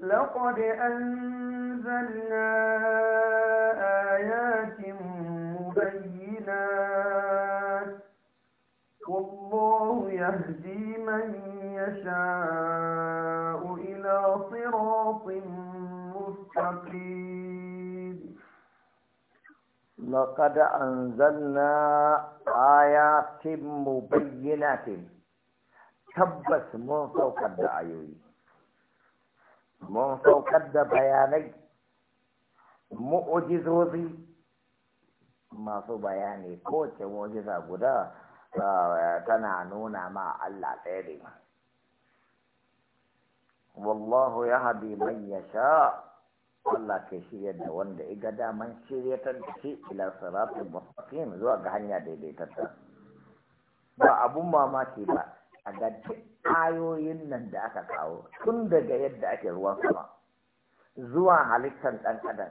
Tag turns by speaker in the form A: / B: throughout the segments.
A: لقد أنزلنا آيات مبينات والله يهدي من يشاء إلى صراط مستقيم
B: لقد أنزلنا آيات مبينات تبس من فوق الدعيوي mun saukar da bayanai mu'ujizozi masu bayani kowace mu'ujiza guda ah, tana nuna ma Allah ɗaya ne wallahu ya haɗi mai ya sha Allah ke shirya da wanda iga daman shirya da shi ila sarafin mafafin zuwa ga hanya daidaitarta ba abun mamaki ba a ga duk ayoyin nan da aka kawo tun daga yadda ake ruwan sama zuwa halittar ɗan adam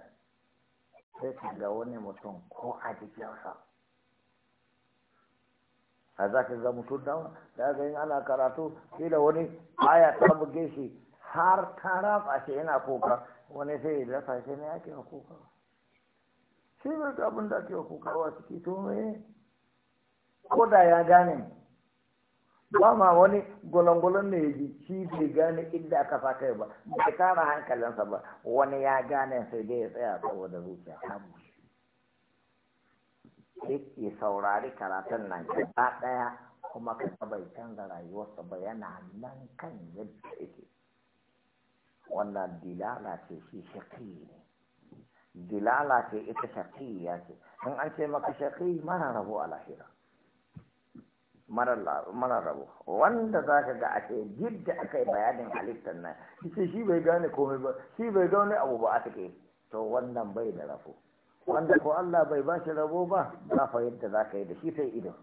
B: sai ka ga wani mutum ko a jikinsa a za ka ga mutum da ya yin ana karatu da wani baya ta buge shi har ta rafa shi yana kuka wani sai ya dafa shi ne ake wa kuka shi ne abin da ake wa kuka wa ciki to me ko da ya gane ba ma wani gulangulan ne ya ji shi bai gane inda aka sa kai ba bai kara hankalinsa ba wani ya gane sai dai ya tsaya saboda zuciya samu ya saurari karatun nan gaba ɗaya kuma ka bai canza rayuwarsa ba yana nan kan yadda yake wannan dilala ce shi shaƙi ne dilala ce ita shaƙi ya ce in an ce maka shaƙi mana rabu a lahira mara rabo. wanda za ka ga a ce yadda aka yi bayanin halittar nan ce shi bai gane komai ba shi bai gane abu ba a take to wannan bai da rafu. wanda ko Allah bai ba shi rabo ba za fa yadda za ka yi da shi sai ido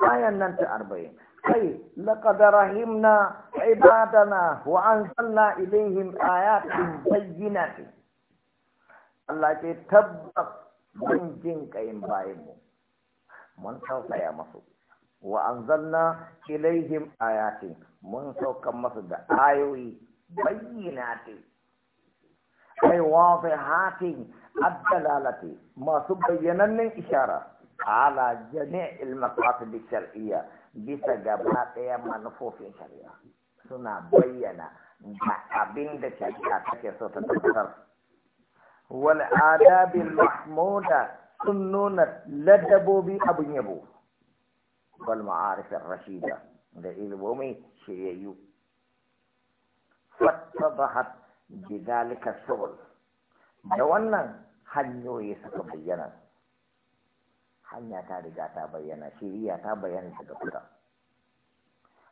B: Bayan nan ta arba'in kai laqad rahimna ibadana wa anzalna ilaihim ayatin bayyinatin Allah ce tabbas mun jin kayin bayan mu mun ya masu wa an zanna ilaihim ayatin mun saukan masu da ayoyi bayyana bayyinati ai hatin addalalati masu bayyanannen ishara ala jami'il maqasid shar'iyya bisa gaba ɗaya manufofin shari'a suna bayyana da abin da shari'a take so ta tabbatar wal adabil mahmuda سنونا لدبوبي أبو نيبو والمعارف الرشيدة لإلومي شيئيو فاتضحت بذلك الشغل
A: دوانا
B: حنيو يسكو بينا حنيا تاريجا تابينا شيئيا تابينا شكو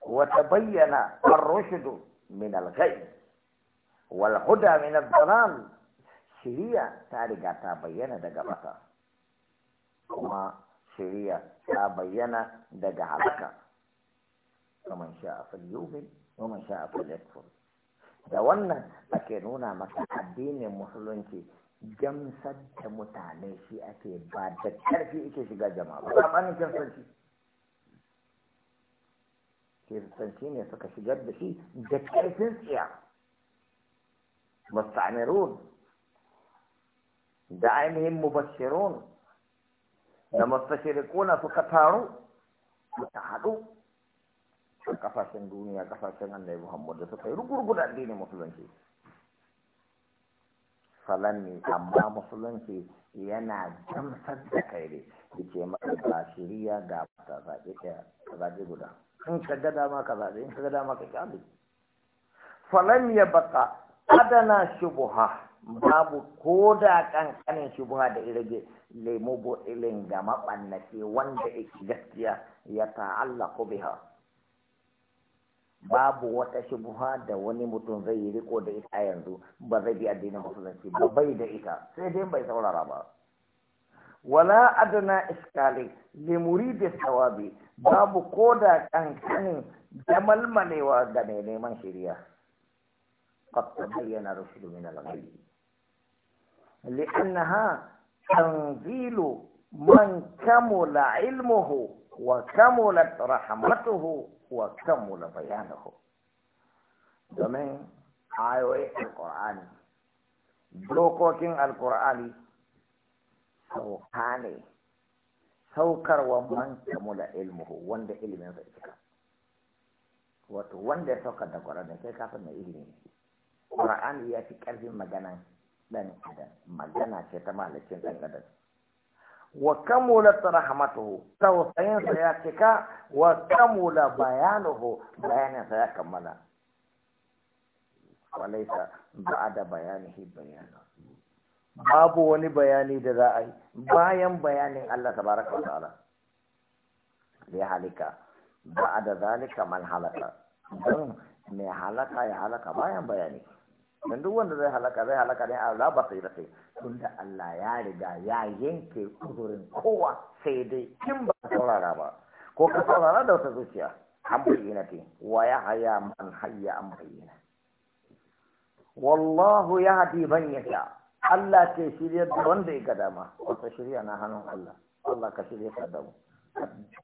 B: وتبين الرشد من الغي والهدى من الضلال شيئيا تاريجا تابينا دقبطا kuma shiriya ta bayyana daga halaka ومن شاء فليؤمن ومن شاء فليكفر da wannan ake nuna maka addinin musulunci gamsar da mutane shi ake ba da karfi ake shiga jama'a ba tsamanin kiristanci kiristanci ne suka shigar da shi da karfin tsiya mustamirun da ainihin mubashirun da mustashriquna suka taru suka haɗu a ƙasashen duniya ƙasashen annabi Muhammad da suka yi rugurguda addinin musulunci salon ne amma musulunci yana gamsar da kai ne da ke maka ba shiriya ga ta zaɓe ka zaɓe guda in ka ga dama ka zaɓe in ka ga dama ka ƙyale falam ya baka adana shubuha babu ko da kankanin shubha da irage lemo ilin ga maɓannace wanda yake gaskiya ya ta'allaku biha babu wata buha da wani mutum zai yi riko da ita yanzu ba zai bi addinin musulunci ba bai da ita sai dai bai saurara ba wala adana iskali limuri da sawabi babu ko da kankanin jamalmalewa ga mai neman shirya قد تبين رشد من الغي لأنها تنزيل من كمل علمه وكملت رحمته وكمل بيانه domin ayoyin alkur'ani dokokin alkur'ani sauka ne saukarwa man kamula ilmuhu wanda ilimin sa cika wato wanda ya sauka da ƙwararren sai kafin mai ilimi ƙwararren ya fi ƙarfin magana dan adam magana ce ta malakin dan adam wa kamula rahmatuhu tausayin sa ya cika wa kamula bayanuhu bayanin sa ya kammala ba'da bayana babu wani bayani da za a yi bayan bayanin Allah tabaraka wa ta'ala ya halika ba'da zalika man halaka don mai halaka ya halaka bayan bayani dan duk wanda zai halaka zai halaka ne a ba sai da sai tunda Allah ya riga ya yanke kuzurin kowa sai dai kin ba saurara ba ko ka saurara da wata zuciya an bayyana te wa ya haya man hayya an bayyana wallahu ya hadi ban yasha Allah ke shirya da wanda ya ga dama wata shirya na hannun Allah Allah ka shirya ka da mu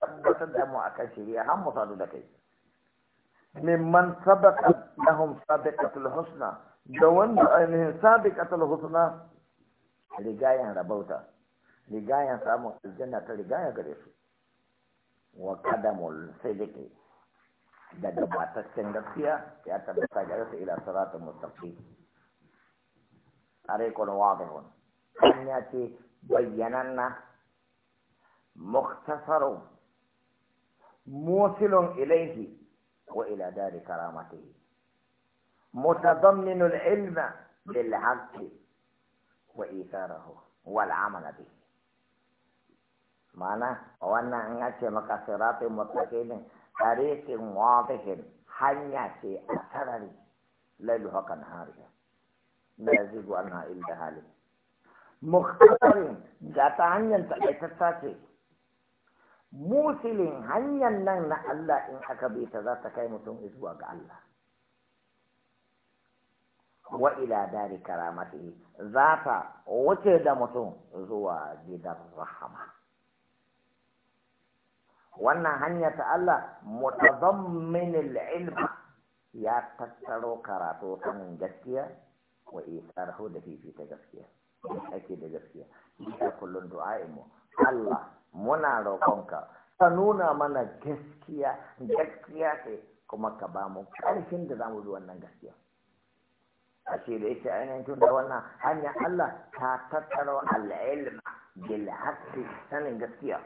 B: tabbatar da mu akan shirya har mu sadu da kai mimman sabaqat lahum sabaqatul husna da wanda ainihin Sadiq Atal husna rigayen rabauta rigayen samun aljanna ta rigaya gare su wa kadamul sidiki da gabataccen gaskiya ya tabbata gare su ila siratul mustaqim tariqun wadihun hanya ce bayyananna muktasarun musilun ilaihi wa ila dari karamatihi متضمن العلم بالعبد وإيثاره والعمل به معنى وانا ان ياتي مك طريق واضح حنيا في اثرني ليلها كنهارها لا يزيد عنها الا هالك مختصر جاتا هنيا تكيتتاتي موسلين هنيا نن الله ان اكبيت ذاتك يمتم ازواج الله wa ila dari karamatihi za ta wuce da mutum zuwa gidan rahama wannan hanya ta Allah mutazamminil ilma ya tattaro karatu kan gaskiya wa isarhu da fifita gaskiya ake da gaskiya ita kullun du'a'imu Allah muna roƙonka ka nuna mana gaskiya gaskiya ce kuma ka ba mu ƙarfin da zamu bi wannan gaskiya a ce da yake ainihin tun da wannan hanyar Allah ta tattara al'ilma bil sanin gaskiya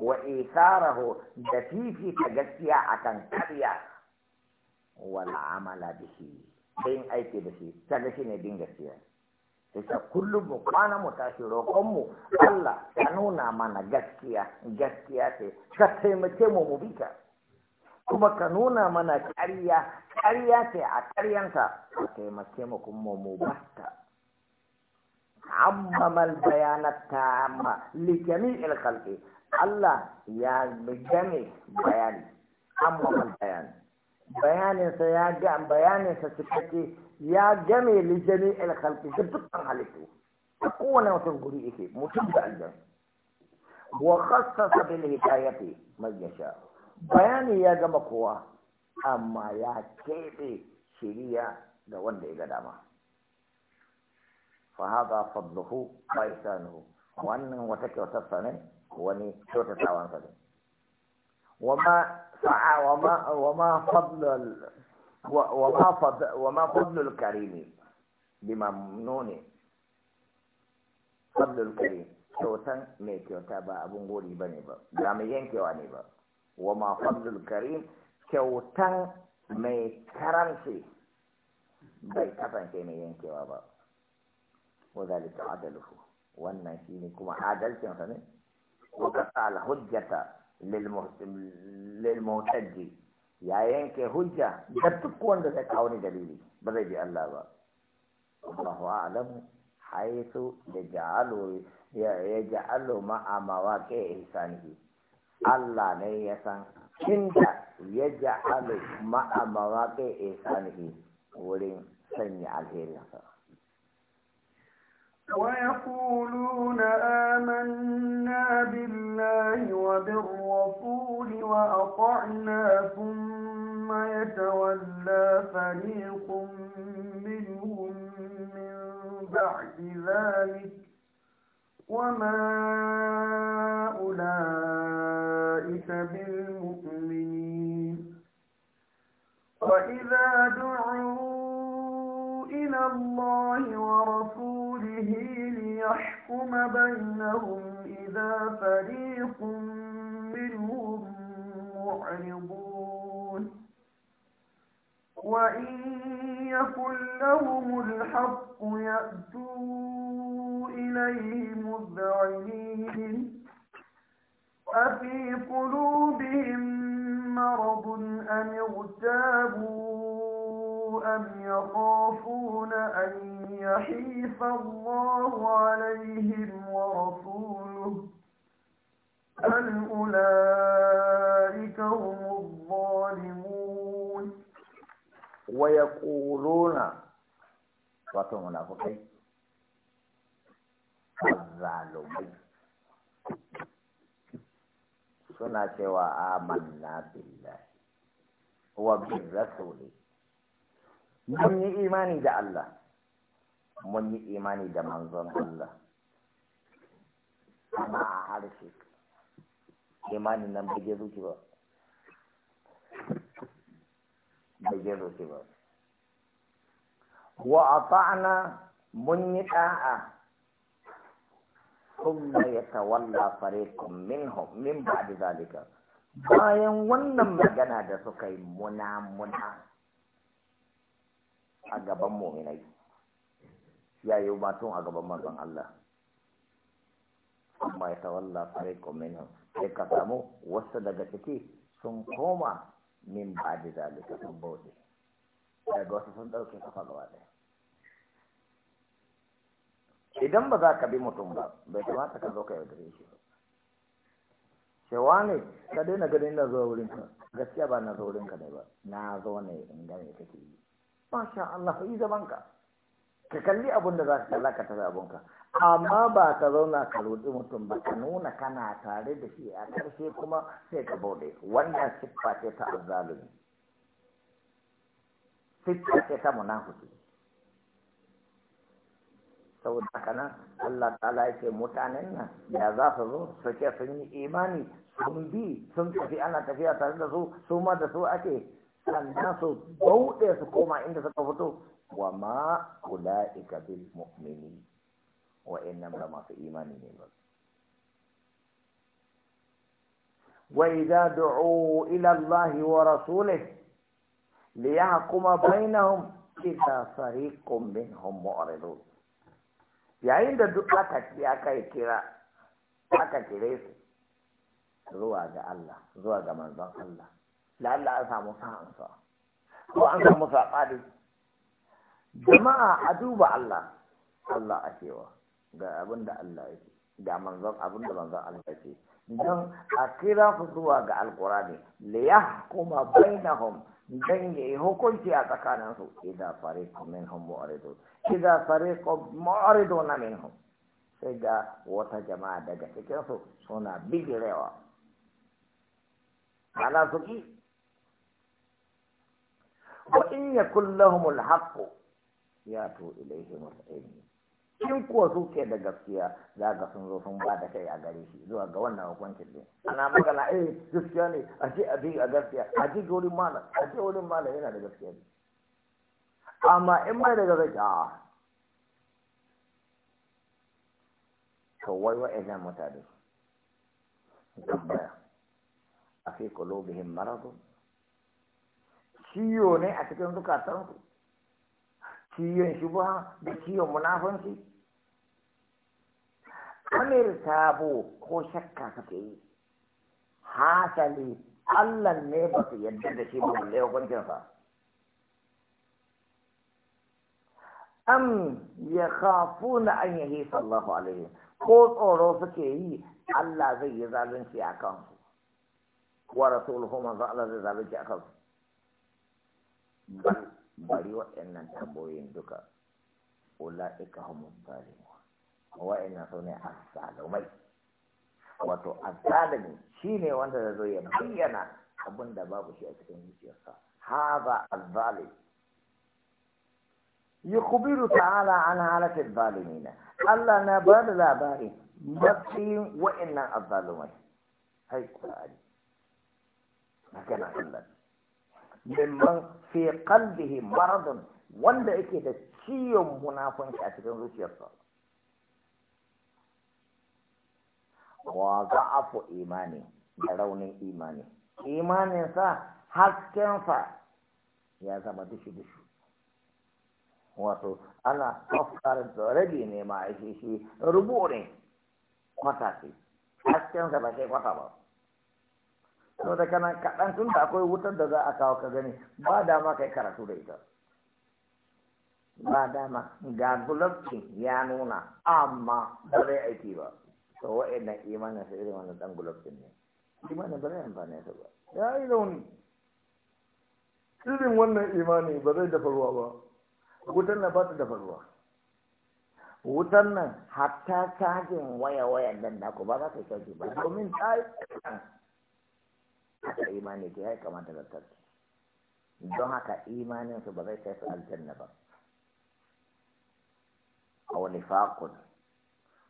B: wa isarahu da fifita gaskiya akan karya wal amala bihi da yin aiki da shi gashi na bin gaskiya sai kullum mu kwana mu tashi roƙon mu Allah ta nuna mana gaskiya gaskiya ce ka taimake mu mu bi ka kuma ka nuna mana ƙarya ƙarya ce a ƙaryanka ka taimake mu kuma mu basta Amma bayanat tamma li jami'il khalqi Allah ya gane bayani Amma ammamal bayani sa ya ga bayaninsa cikakke ya gane li jami'il khalqi dukkan halittu a kowane mutum guri yake mutum da aljan wa khassasa bil hidayati man yasha bayani ya gama kowa amma ya keɓe shiriya ga wanda ya ga dama fahaza fadluhu wa ihsanuhu wannan wata kyautarsa ne wani sa ne wama sa'a wama wama fadlul wama fad wama fadlul karim bimamnuni fadlul karim kyautan mai kyauta ba abun gori bane ba ba mai yankewa ne ba wa ma fadlul karim kyautan mai karanci bai kasance mai yankewa ba wa zalika adaluhu wannan ne kuma adalcin sa ne wa al hujjata ya yanke hujja da duk wanda zai kawo ni dalili ba zai bi Allah ba Allahu a'lamu haythu yaj'alu yaj'alu ma'a a sanihi Allah ne ya san inda ya ja'alu ma'a mawaƙi ihsanihi wurin sanya alherinsa
A: ويقولون آمنا بالله وبالرسول وأطعنا ثم يتولى فريق منهم من بعد ذلك وما أولئك بالمؤمنين وإذا دعوا إلى الله ورسوله ليحكم بينهم إذا فريق منهم معرضون وإن يكن لهم الحق يأتوا إليه مذعنين أفي قلوبهم مرض أم اغتابوا أم يخافون أن يحيف الله عليهم
B: wato munafukai zalumai suna cewa amanna billahi wa bin rasuli mun yi imani da Allah mun yi imani da manzon Allah amma a harshe imanin nan bai je zuci ba bai je zuci ba wa ata'na mun yi da'a thumma yatawalla fariqun minhum min da zalika bayan wannan magana da suka yi muna muna a gaban mu'minai yayi matun a gaban manzon Allah kuma ya tawalla fariqun minhum sai ka samu wasu daga ciki sun koma min ba da zalika sun bauta daga wasu sun ɗauke kafa gaba ɗaya idan ba za ka bi mutum ba bai kamata ka zo ka yaudare shi ba cewa ne ka daina ganin na zo wurin ka gaskiya ba na zo wurin ka ne ba na zo ne in gane ka kake yi masha Allah yi zaman ka ka kalli abun da za ka kalla ka tafi abun ka amma ba ka zauna ka roƙi mutum ba ka nuna kana tare da shi a ƙarshe kuma sai ka bauɗe wannan siffa ce ta azzalumi fiska ce ta munafiki saboda haka nan Allah ta'ala ya ce mutanen nan da za su zo su ce sun yi imani sun bi sun tafi ana tafiya tare da su su ma da su ake sannan su bauɗe su koma inda suka fito wa ma kula bil mu'mini wa innan ba masu imani ne ba wa idza du'u ila Allah wa rasulih liyahkuma bainahum idza fariqum minhum mu'ridun yayin da duk aka aka kira aka kire su zuwa ga Allah zuwa ga manzon Allah lalla an samu sa'ansa ko an samu saɓani jama'a a duba Allah Allah a cewa ga abin da Allah ce ga manzon abin da manzon Allah ce don a kira su zuwa ga alkurani da ya kuma bainahum don ya yi hukunci a tsakaninsu idan fariqun minhum mu'ridun idan fariqun mu'riduna minhum sai ga wata jama'a daga cikinsu suna bigirewa ana suki wa in yakun lahumul haqqu yatu ilaihim al in kuwa ke da gaskiya za ga sun zo sun ba da kai a gare shi zuwa ga wannan hukuncin din ana magana eh gaskiya ne a ce a bi a gaskiya a ji ga wurin malam a ce wurin malam yana da gaskiya ne amma in bai da gaskiya a ah, to wai wa'annan mutane tambaya a fi qulubihim maradun ciwo ne a cikin zukatansu ciyon shubha da ciyon munafanci amir sabo ko shakka kake yi hasali Allah ne ba su yadda da shi ba balle hukuncin sa am ya khafuna an yi sallallahu alaihi ko tsoro suke yi Allah zai yi zalunci a kansu wa rasuluhu manzo Allah zai zalunci a kansu bari waɗannan tambayoyin duka ula'ika humus zalimu wa'annan so ne azzalumai wato azzalumi shine wanda da zo ya bayyana abin da babu shi a cikin zuciyarsa haza kubiru ta ta'ala an halati adh na. Allah na ba da labari matsayin wa'annan azzalumai hai Qur'ani magana Allah mimman fi qalbihi maradun wanda yake da ciwon munafunci a cikin zuciyarsa wa za'afu imani da raunin imani imaninsa haskensa ya zama dushi-dushi wato ana tsofkar da rage ne ma aiki shi rubu ne kwata ce haskensa ba sai kwata ba to da kana kaɗan tun da akwai wutar da za a kawo ka gani ba dama kai karatu da ita ba dama ga gulabcin ya nuna amma ba zai aiki ba to wa'annan imanin sa irin wannan dan gulabcin ne imanin ba zai amfani sa ba ya yi wani. irin wannan imani ba zai dafa ruwa ba Wutar na ba ta dafa ruwa wutar nan hatta cajin waya-wayan dan naku ba za ka yi caji ba domin ta yi haka imanin da ya kamata da tarki don haka imanin su ba zai kai su aljanna ba a wani fakon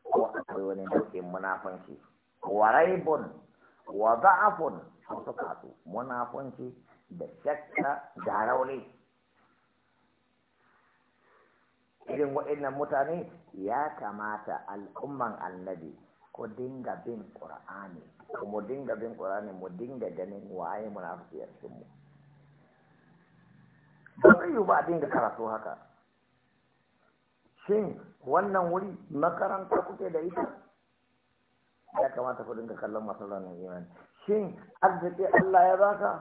B: ko akwai wani nau'in munafanci wa raibun wa za'afun sun munafanci da shakka da rauni irin waɗannan mutane ya kamata al'umman annabi ku dinga bin ƙur'ani mu dinga bin ƙur'ani mu dinga ganin waye munafiki a su mu ba ba dinga karatu haka shin wannan wuri makaranta kuke da ita ya kamata ku dinga kallon masu nan imani shin arziki Allah ya baka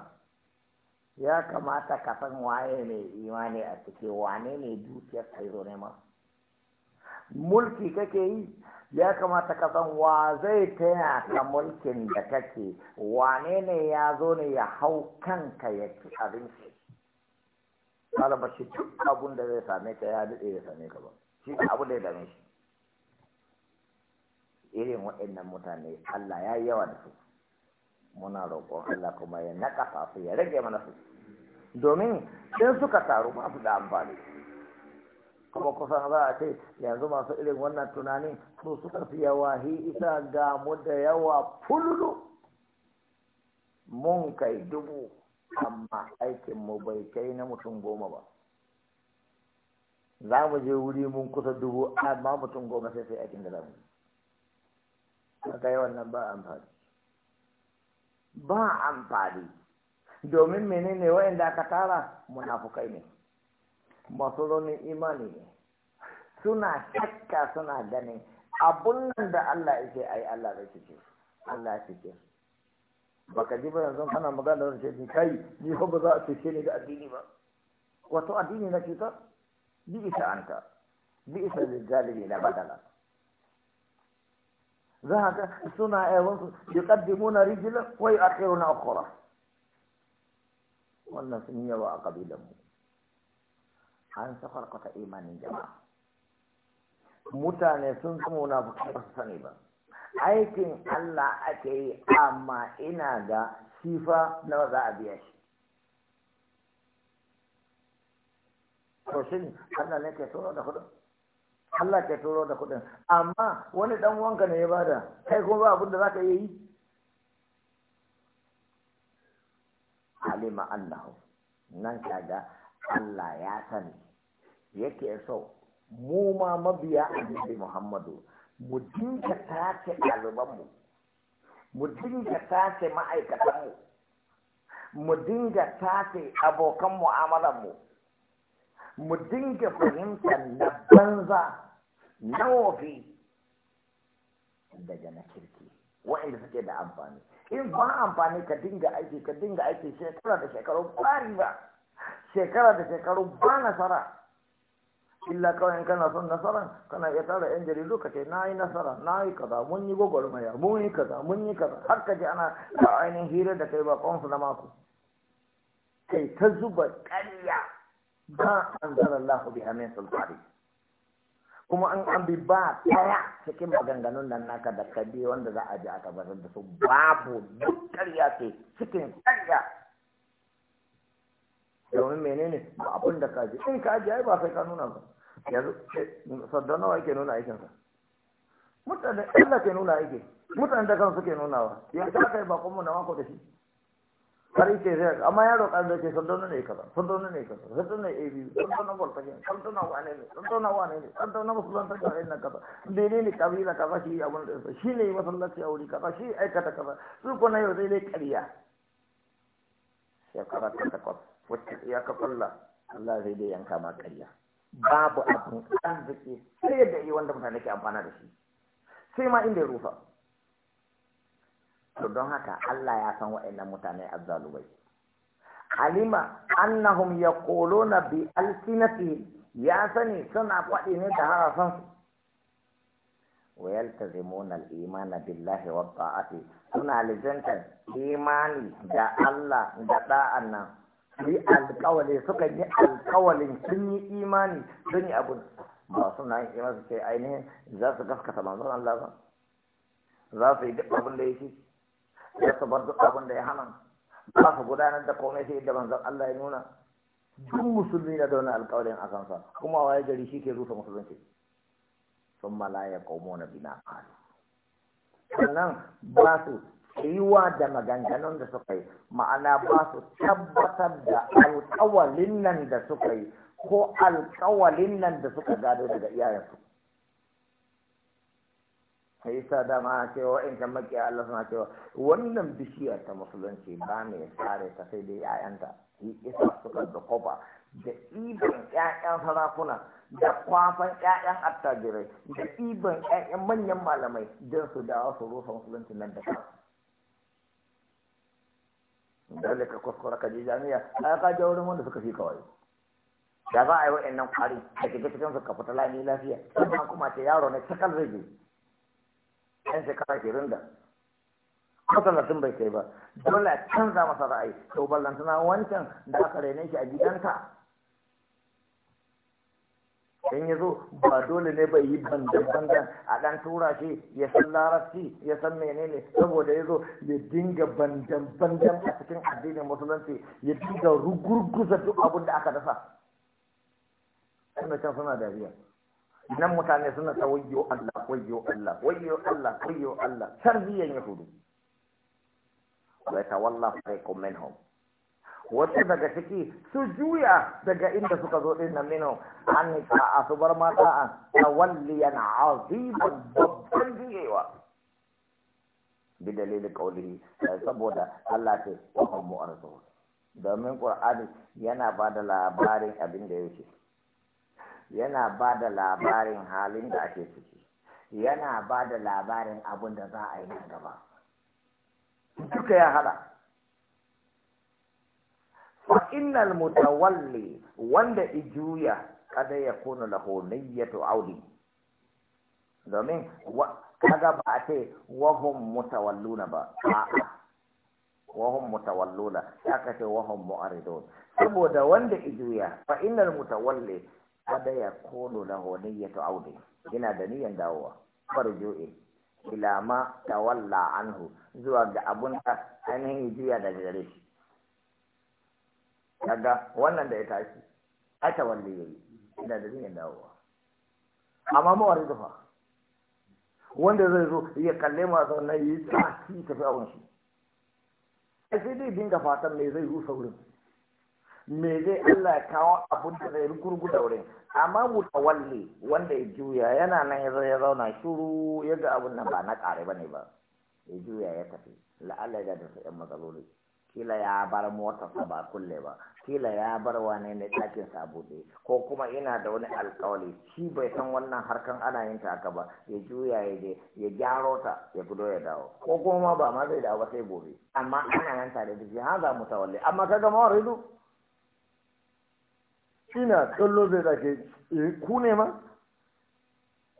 B: ya kamata ka san waye mai imani a ciki wane ne dukiyar sai zo ma? mulki kake yi ya kamata ka san wa zai taya ka mulkin da kake wane ne ya zo ne ya hau kanka ya ci abinci ɗalibar shi duk abin da zai same ka ya daɗe ya same ka ba shi da da ya dame shi irin waɗannan mutane Allah ya yi yawa da su muna roƙon Allah kuma ya naƙasa su ya rage mana su domin sai suka taru ba su da amfani kuma kusan za a ce yanzu masu irin wannan tunanin su suka fi yawa hi isa ga mu da yawa fululu mun kai dubu amma aikin mu bai kai na mutum goma ba za mu je wuri mun kusa dubu amma mutum goma sai sai aikin da za mu yi wannan ba amfani ba amfani domin menene wayanda aka tara munafukai ne masu imani ne suna shakka suna ganin abun nan da Allah yake ai Allah zai cike Allah ya cike baka ji ba yanzu kana magana da shi kai ni ko ba za a cike ni da addini ba wato addini na cika bi isa anta bi isa lijalili na badala za ka suna yawansu yuqaddimuna rijla wa yu'akhiruna ukhra wannan sun yawa a kabilan mu an safarkata imanin jama'a mutane sun zama munafukai ba su sani ba aikin Allah ake yi amma ina ga sifa nawa za a biya shi to shin Allah ne ke turo da kudin Allah ke turo da kudin amma wani dan wanka ne ya bada kai kuma ba abin da zaka yi alima annahu nan kaga Allah ya sani yake so mu ma mabiya annabi Muhammadu mu dinga tace ɗalibanmu mu dinga tace ma'aikatanmu mu dinga tace abokan mu'amalanmu mu dinga fahimtar na banza na wofi daga na kirki wa'inda suke da amfani in ba amfani ka dinga aiki ka dinga aiki shekara da shekaru ba shekara da shekaru ba nasara illa kawai kana son nasara kana iya tara yan jaridu ka ce na yi nasara na yi kaza mun yi gwagwarmaya mun yi kaza mun yi kaza har ka ji ana a ainihin hira da kai bakonsu na mako kai ta zuba karya ba an zara lahu bi amin sulfari kuma an an ba ɗaya cikin maganganun nan naka da kabi wanda za a ji aka bar da su babu duk ƙarya ce cikin ƙarya domin menene ba abin da kaji in kaji ai ba sai ka nuna ba yanzu eh, sadda nawa yake nuna aikinsa mutane Allah ke nuna aiki mutane da kansu ke nunawa ya ta kai bakon mu na mako da shi har yake zai amma yaro kan da ke sadda ne kaza sadda ne kaza sadda ne abi sadda na bolta ke sadda na wane ne sadda na wane ne sadda na musulunta ka ina kaza dene ne kabila kaza shi abun da shi ne masallaci aure kaza shi aikata kaza su ko na yau dai dai ƙarya shekara ta takwas wacce ya ka Allah Allah zai dai yanka ma ƙarya babu abin arziki sai yadda yi wanda mutane ke amfana da shi sai ma inda ya rufa to don haka Allah ya san wa'annan mutane azzalubai alima annahum yaquluna bi alsinati ya sani suna faɗi ne da harafan su wa yaltazimuna al-imana billahi wa ta'ati suna lijantar imani da Allah da da'an nan su yi alkawali suka yi alkawalin sun yi imani sun yi abun ba suna yin imani su ce ainihin za su gaskata manzon Allah ba za su yi duk abin da ya ce za su bar duk abin da ya hana ba su gudanar da komai sai da manzon Allah ya nuna duk musulmi na da wani alkawalin a kansa kuma waye gari shi ke rufe musulunci sun malaya komo na bina kalu sannan ba su riwa da maganganun da suka yi ma'ana ba su tabbatar da alkawalin nan da suka yi ko alkawalin nan da suka gado daga iyayensu sai sa dama cewa in ta makiya Allah suna cewa wannan bishiyar ta musulunci ba mai tsare ta sai dai 'ya'yanta yi isa suka da kofa da iban ƴaƴan sarakuna da kwafan ƴaƴan attajirai da iban ƴaƴan manyan malamai don su dawo su rusa musulunci nan da kansu dole ka kuskura ka je jami'a a ka je wurin wanda suka fi kawai da za a yi wa'annan kwari a shiga cikin su ka fita lami lafiya sannan kuma ce yaro na cikin zai je ɗan shekara shirin da masallacin bai kai ba dole a canza masa ra'ayi to ballantana wancan da aka rene shi a gidanka in ya zo ba dole ne bai yi bandan-bandan a ɗan tura shi ya san larabci ya san menene saboda ya zo ya dinga bandan-bandan a cikin addinin musulunci ya dinga rugurguza duk abin da aka dasa ina can suna dariya nan mutane suna ta wayyo Allah wayyo Allah wayyo Allah wayyo Allah tarbiyyan yahudu wa tawalla fariqum minhum wata daga ciki su juya daga inda suka zo din nan minu an a su bar mata a tawalliyan aziman babban juyewa bi dalilin kaulihi saboda Allah ce wa mu arzu domin qur'ani yana ba da labarin abin da yake yana ba da labarin halin da ake ciki yana ba da labarin abin da za a yi nan gaba duka ya hada wa innal mutawalli wanda ijuya kada ya kuna lahu niyyatu audi domin kaga ba a ce wahum mutawalluna ba a'a wahum mutawalluna ya kace wahum mu'aridun saboda wanda ijuya fa innal mutawalli kada ya kunu lahu niyyatu audi yana da niyyan dawowa farju'i ila ma tawalla anhu zuwa ga abun ta ainihin juya daga gare shi kaga wannan da ya tashi aka wanda ya yi ina da zai dawowa amma mawar da fa wanda zai zo ya kalle masu na yi tsaki tafi a wanshi a sai dai dinga fatan me zai rusa wurin me zai Allah ya kawo abin da zai gurguda wurin amma mu mutawalle wanda ya juya yana nan ya zauna shuru ya ga abun nan ba na ƙare ba ne ba ya juya ya tafi la'alla ya da su 'yan matsaloli kila ya bar motarsa ba kulle ba kila ya bar wane ne ɗakin sa ko kuma ina da wani alƙawari shi bai san wannan harkan ana yin ta haka ba ya juya ya je ya gyaro ta ya gudo ya dawo ko kuma ba ma zai dawo ba sai gobe amma ana nan tare da shi ha za mu tawalle amma kaga mawaridu ina kallo zai dake eh, ku ne ma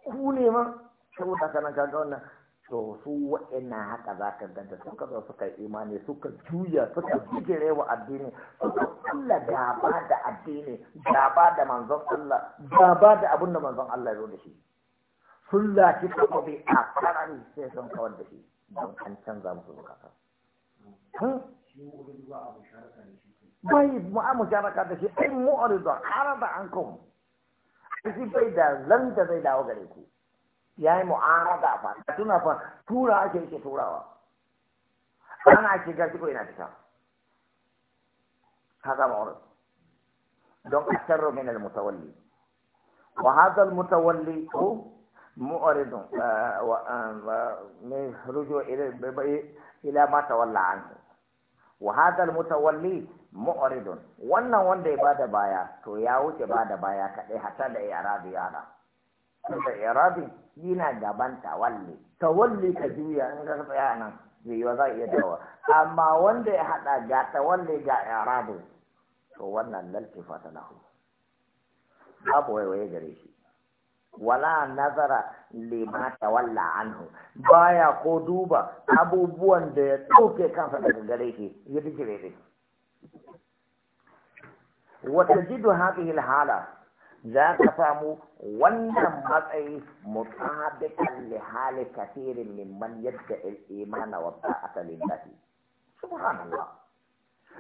B: ku ne ma saboda kana nan kaga wannan to su waɗannan haka za ka ganta suka zo suka yi imani suka juya suka bijire wa addini suka kulla gaba da addini gaba da manzon Allah gaba da abin da manzon Allah ya zo da shi sun lafi kafofi a karari sai sun kawar da shi don an canza musu bukata bai mu'amu sharaka da shi ai mu'aridu haraba an kuma shi bai da lanta zai dawo gare ku ya yi da fa ka tuna fa tura ake yake turawa ana shiga ko yana fita haka ma'aurin don a sharro min al-mutawalli wa hadha al-mutawalli ko معرض eh, eh, ila رجوع إلى an تولى عنه وهذا mutawalli mu'aridun wannan wanda ya bada baya to ya wuce bada baya kadai hatta da ya rabi yara da irabi yana gaban tawalli tawalli ka juya in ka tsaya nan yiwa za iya dawa amma wanda ya hada ga tawalli ga irabi to wannan laltifa ta lahu babu waiwaye gare shi wala nazara lima tawalla anhu baya ko duba abubuwan da ya tsoke kansa daga gare shi ya bijire ne wata jidu hadhihi hala za ka samu wannan matsayi mutabiqan li hali kathirin mimman yadda al-iman wa asalin lillahi subhanallah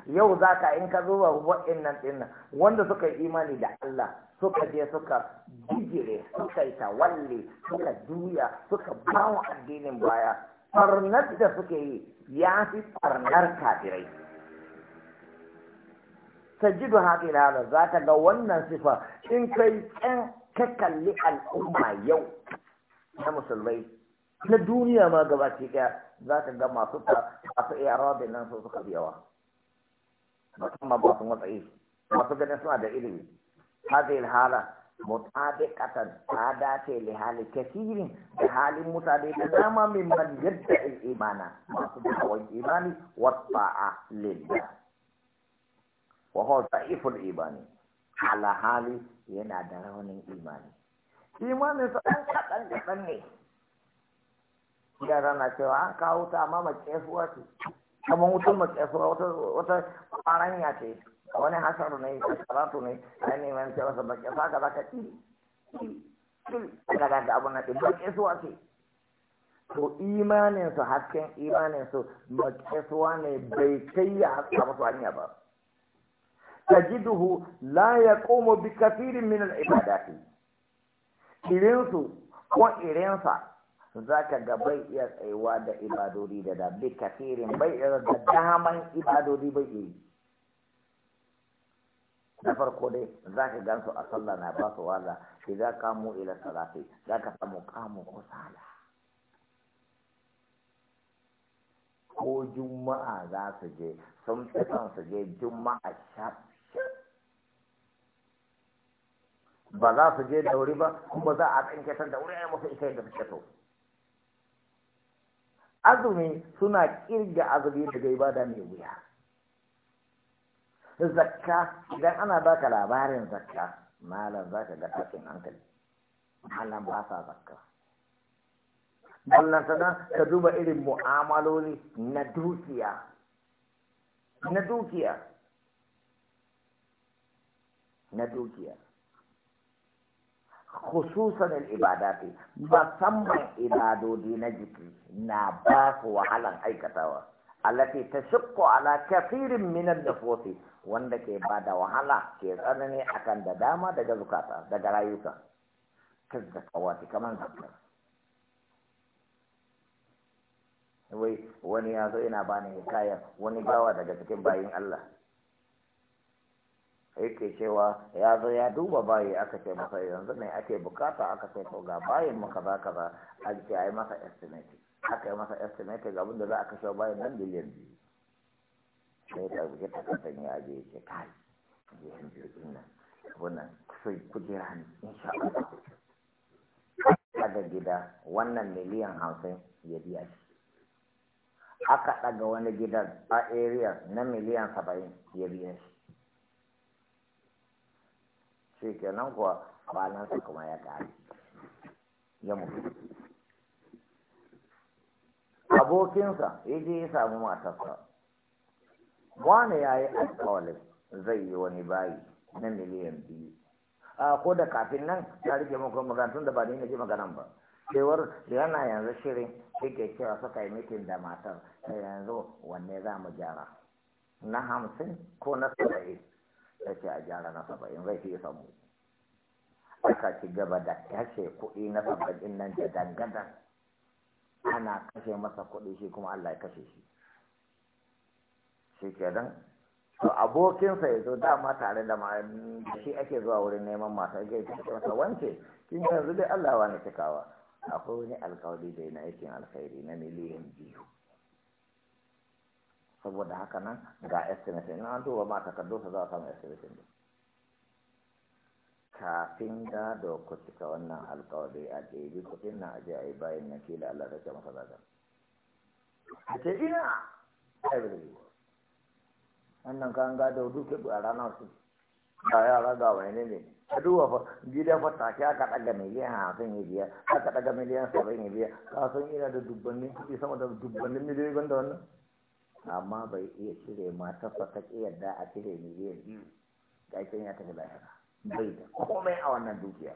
B: yau za ka in ka zuwa wa'annan din wanda suka yi imani da Allah suka je suka bijire suka yi tawalli suka juya suka bawa addinin baya farnar da suke yi ya fi farnar kafirai tajidu da za ka ga wannan sifa in kai kan ka kalli al'umma yau na musulmai na duniya ma gabaki daya za ka ga masu ta masu iyara da nan su suka biyawa musamman masu matsayi masu ganin suna da ilimi hadhihi hala mutabiqatan ta dace li hali kasirin da halin mutane ta dama mai manjar da imana masu dawon imani wata a lillah wa huwa da'iful imani ala hali yana da raunin imani imanin sa dan kadan kadan ne yara na cewa an kawo ta amma makefuwa ce kamar wutar makefuwa wata wata kwaranya ce wani hasaru ne karatu ne ai ne mai cewa sa makefa ka zaka ci ka ga abu na ɗin makefuwa ce to imanin su hasken imanin su makefuwa ne bai kai ya haska musu hanya ba tajiduhu la yaqumu bi kathirin min al-ibadati irinsu ko irinsa zaka ga bai iya tsayuwa da ibadodi da da bi bai iya da daman ibadodi bai iya na farko dai za ka gansu a sallah na ba su waza sai za ka mu ila za ka samu kamu ko sala ko juma'a za su je sun fi su je juma'a sha ba za su je da wuri ba kuma za a tsinkatar da wuri a masa ita yadda suke so azumi suna kirga azumi daga ibada mai wuya zakka idan ana baka labarin zakka malam za ka ga tashin hankali malam ba sa zakka ballantana ka duba irin mu'amaloli na dukiya na dukiya na dukiya khususan ce, musamman ibadodi na jiki na ba su wahalan aikatawa allati tashqu ala kathirin min an-nufusi wanda ke ba da wahala ke tsanani akan da dama daga zukata daga rayuka kazza kawati kaman zakar wai wani ya zo yana bani hikaya wani gawa daga cikin bayin Allah yake cewa ya zo ya duba bayi aka ce masa yanzu ne ake bukata aka ce to ga bayin mu kaza kaza a ce ai masa estimate aka yi masa estimate ga abin da za a kashe bayin nan biliyan biyu sai ta buke ta kasan ya je ya ce kai je sun ce ina wannan sai kujera ne insha Allah daga gida wannan miliyan hamsin ya biya shi aka daga wani gidan a area na miliyan saba'in ya biya shi shi kenan kuwa kwanansa kuma ya kare ya mutu abokinsa ya je ya samu matarsa wane ya yi alkawalin zai yi wani bayi na miliyan biyu a ko da kafin nan ta rike muku makarantun da ba ni ji maganan ba cewar yana yanzu shirin ke cewa suka yi mitin da matar yanzu wanne za mu gyara na hamsin ko na saba'in ya ce a gyara na saba'in zai fi mu. aka ci gaba da kashe kuɗi na saba'in nan da dangadan ana kashe masa kuɗi shi kuma Allah ya kashe shi shi don to abokinsa ya zo dama tare da ma shi ake zuwa wurin neman masu ake kashe masa wance kin yanzu dai Allah wa cikawa akwai wani alkawari da yana aikin alkhairi na miliyan biyu saboda haka nan ga estimate in an duba ma takardu sa za a samu estimate din kafin gado ku cika wannan alkawari a ɗebi kuɗin na aje a yi bayan na kila Allah rage masa zaga a ce ina every wannan kan gado duke a ranar su ba yara ga wani ne a duba fa gida fa take aka daga miliyan hamsin ya biya aka daga miliyan saba'in ya biya kasan ina da dubbannin kuɗi sama da dubbannin miliyoyi da wannan amma bai iya cire mata ta ki yadda a cire miliyan biyu gashin ya tafi lahira bai da komai a wannan dukiya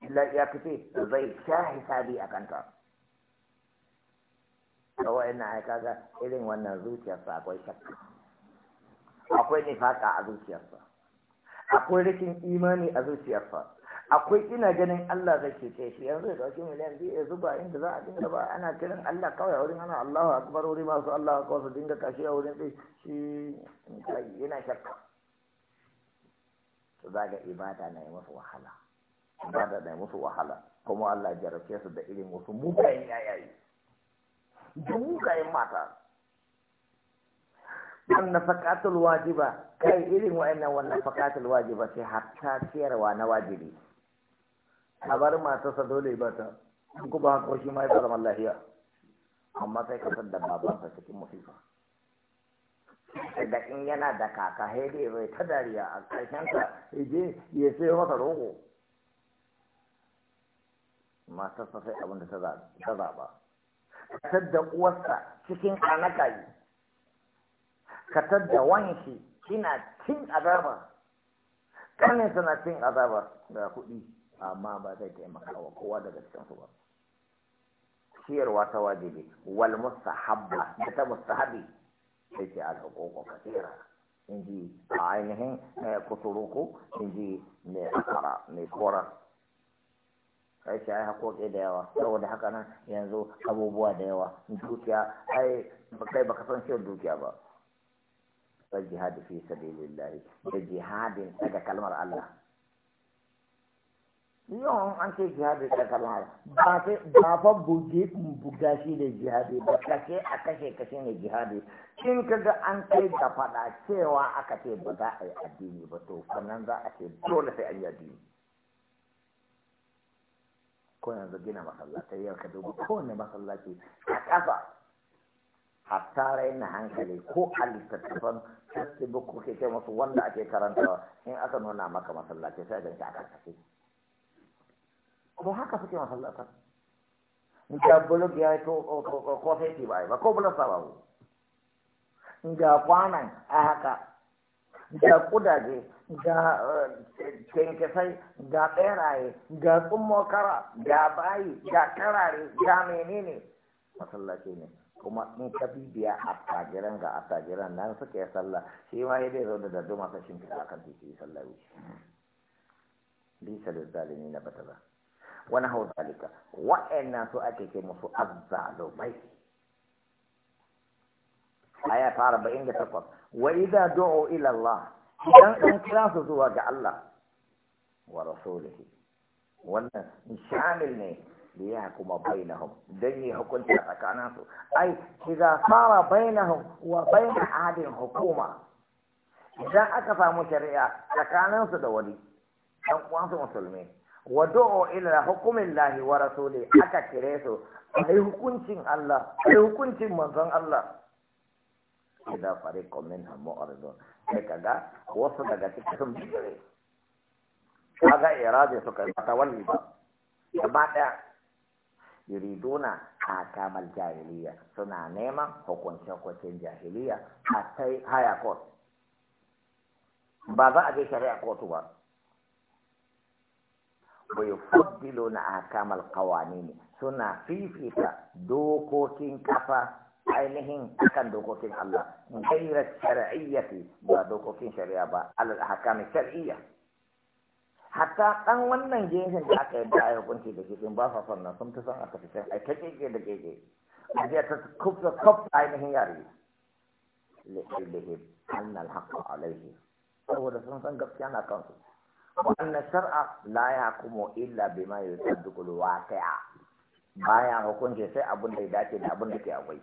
B: illa ya fice zai sha hisabi a kanta kawai na aika ga irin wannan zuciyarsa akwai shakka akwai nifaka a zuciyarsa akwai rikin imani a zuciyarsa akwai ina ganin Allah zai ce shi yanzu ya dauki miliyan biyu ya zuba inda za a dinga ba ana kiran Allah kawai a wurin ana Allahu akbar wuri masu Allah, akbar su dinga kashi a wurin sai shi yana shakka Za zaga ibada na yi musu wahala ibada na yi musu wahala kuma Allah ya jarabce su da irin wasu mugayen yayaye da mugayen mata na fakatul wajiba kai irin wa'annan wannan fakatul wajiba sai hatta ciyarwa na wajibi a bar matarsa dole ba ta in ku ba haka shi ma ya zama lahiya amma sai ka san da babansa cikin musifa da in yana da kaka haidai bai ta dariya a ƙarshen ka je ya sai masa roƙo matarsa sai abin da ta zaɓa katar da uwarsa cikin kanakayi katar da wanki kina cin azaba ƙaninsa na cin azaba da kuɗi amma ba zai taimaka wa kowa daga cikin su ba siyarwa ta wajibi wal mustahabba da ta mustahabi sai ce al hukuku kasira in ji a ainihin eh, kusuruku in ji mai akara mai kora sai shi ai hakoki da yawa saboda haka nan yanzu abubuwa da yawa dukiya ai kai baka san shi dukiya ba sai jihadi fi sabilillah da jihadin daga kalmar Allah yawan an ce jihadi ta kalmar ba fa buge buga shi da jihadi ba kashe a kashe kashe ne jihadi ka ga an kai da faɗa cewa aka ce ba za a yi addini ba to sannan za a ce dole sai an yi addini ko yanzu gina masallatai yau ka duba kowane masallaci a ƙasa hatta na hankali ko a littattafan facebook ko ke ce masu wanda ake karantawa in aka nuna maka masallaci sai ganci a ƙarƙashin kuma haka suke masallatar ga bulog ya yi ko feti ba ba ko bulog ba ba ga kwanan a haka ga kudaje ga eh, kyankyasai ga beraye ga tsummo ga bayi ga karare ga menene masallaci ne kuma in ka bibiya a tajiran ga a tajiran nan suka yi sallah shi ma ya dai zo da darduma sashin fita kan titi sallah wuce bisa da zalimi na batala wani hau zalika wa'annan su ake ce musu azzalumai aya ta arba'in da takwas wa idza du'u ila Allah idan an kira su zuwa ga Allah wa rasulihi wannan shamil ne da ya kuma bainahum dan yi hukunci a tsakanin su ai idza sara bainahum wa bain hukuma idan aka samu shari'a tsakanin su da wani dan uwansu musulmi wa du'u ila hukumin wa rasuli aka kire su ai hukuncin Allah ai hukuncin manzon Allah idan fariqun minhum mu'ridun sai kaga wasu daga cikin bigire kaga irade suka yi wani ba gaba daya yuriduna akamal jahiliya suna neman hukunce-hukuncin jahiliya a sai haya court ba za a je shari'a kotu ba bai fuddilo na akamal kawani ne suna fifita dokokin kafa ainihin akan dokokin Allah gaira shar'iyyati ba dokokin shari'a ba alal ahkam shar'iyya hatta kan wannan gefen da aka yi da ayi hukunci da cikin ba fa sannan sun ta san aka fice ai ta keke da keke a ta kufta kub ainihin yare li'illihi anna al-haqqa alayhi saboda sun san gaskiya na kansu وأن الشرع لا illa إلا بما يصدق الواقع baya hukunci sai abin da ya dace da abin da ke akwai